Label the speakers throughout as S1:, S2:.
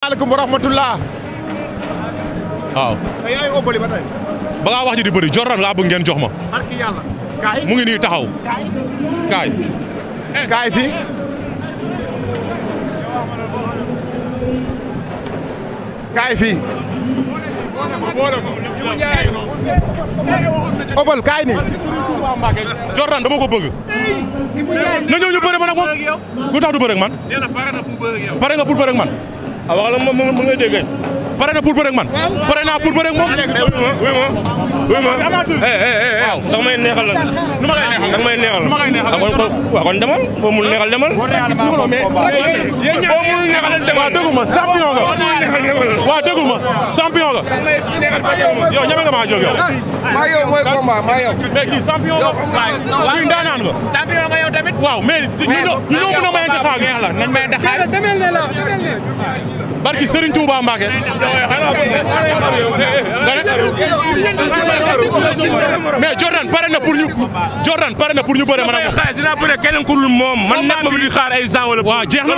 S1: maaleykum wa rahmatullah. waaw. mais yaa ngi ëppali di bëri Jordan laa ngeen jox ma. mu ngi nii taxaw. kaay. kaay fii. kaay kaay nii. Jordan dama ko bëgg. na ñëw ñu bëri ma nag moom. tax du bëri ak man. pare nga pour bëri ak man. waaw ah, wax la moom mu pare na pour bëre ak man. pare naa pour bëre ak moom. ma oui ma. waaw ndax may neexal ma lay neexal ndax may neexal. ma lay neexal kon kon waaw kon demal neexal demal. waaw mais yéen neexal demal. waaw ma champion nga. waaw dëggu ma champion nga. yow ñeme nga maa jóg kii champion nga. kii ndaanaan nga. champion waaw mais ñu ñoo mën a mayante xaar. barki Serigne Touba Mbacke. mais Jordan pare na pour ñu Jordan pare na pour ñu bëre man ak moom. xaalis dinaa bëre keneen ku dul moom man nekk ma fi di xaar jeex na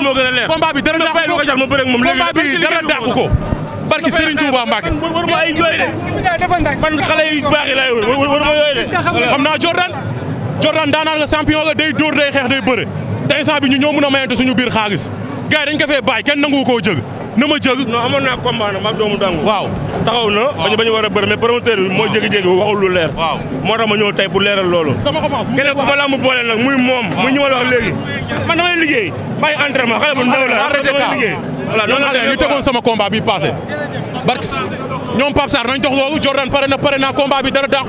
S1: moo gën a leer combat bi moo dàqu ko combat bi dara dàqu ko. barki a Touba Mbacke. waruma ay jooy de man xale yu baax yi laay waruma yooy de. xam naa Jordan Jordan daanaan nga champion nga day dóor day xeex day bëre te instant bi ñu ñoo mën a mayante suñu biir xaalis gars yi dañ fee bàyyi kenn nangu koo jëg na ma jël. non amoon naa combat nag doomu dangu. waaw taxaw na. waaw ba ñu war a bëri mais promoteur bi moo jékki-jékki waxul lu leer. waaw moo tax ma ñëw tey pour leeral loolu. sama mu ma làmb boole nag muy moom. muy ñi ma la wax léegi. man damay liggéey bàyyi entraînement xale bu ndaw la damay liggéey. voilà noonu la ñu tegoon sama combat bi passé. barke ñoom Pape Sarr nañ dox loolu Jordan pare na pare naa combat bi dara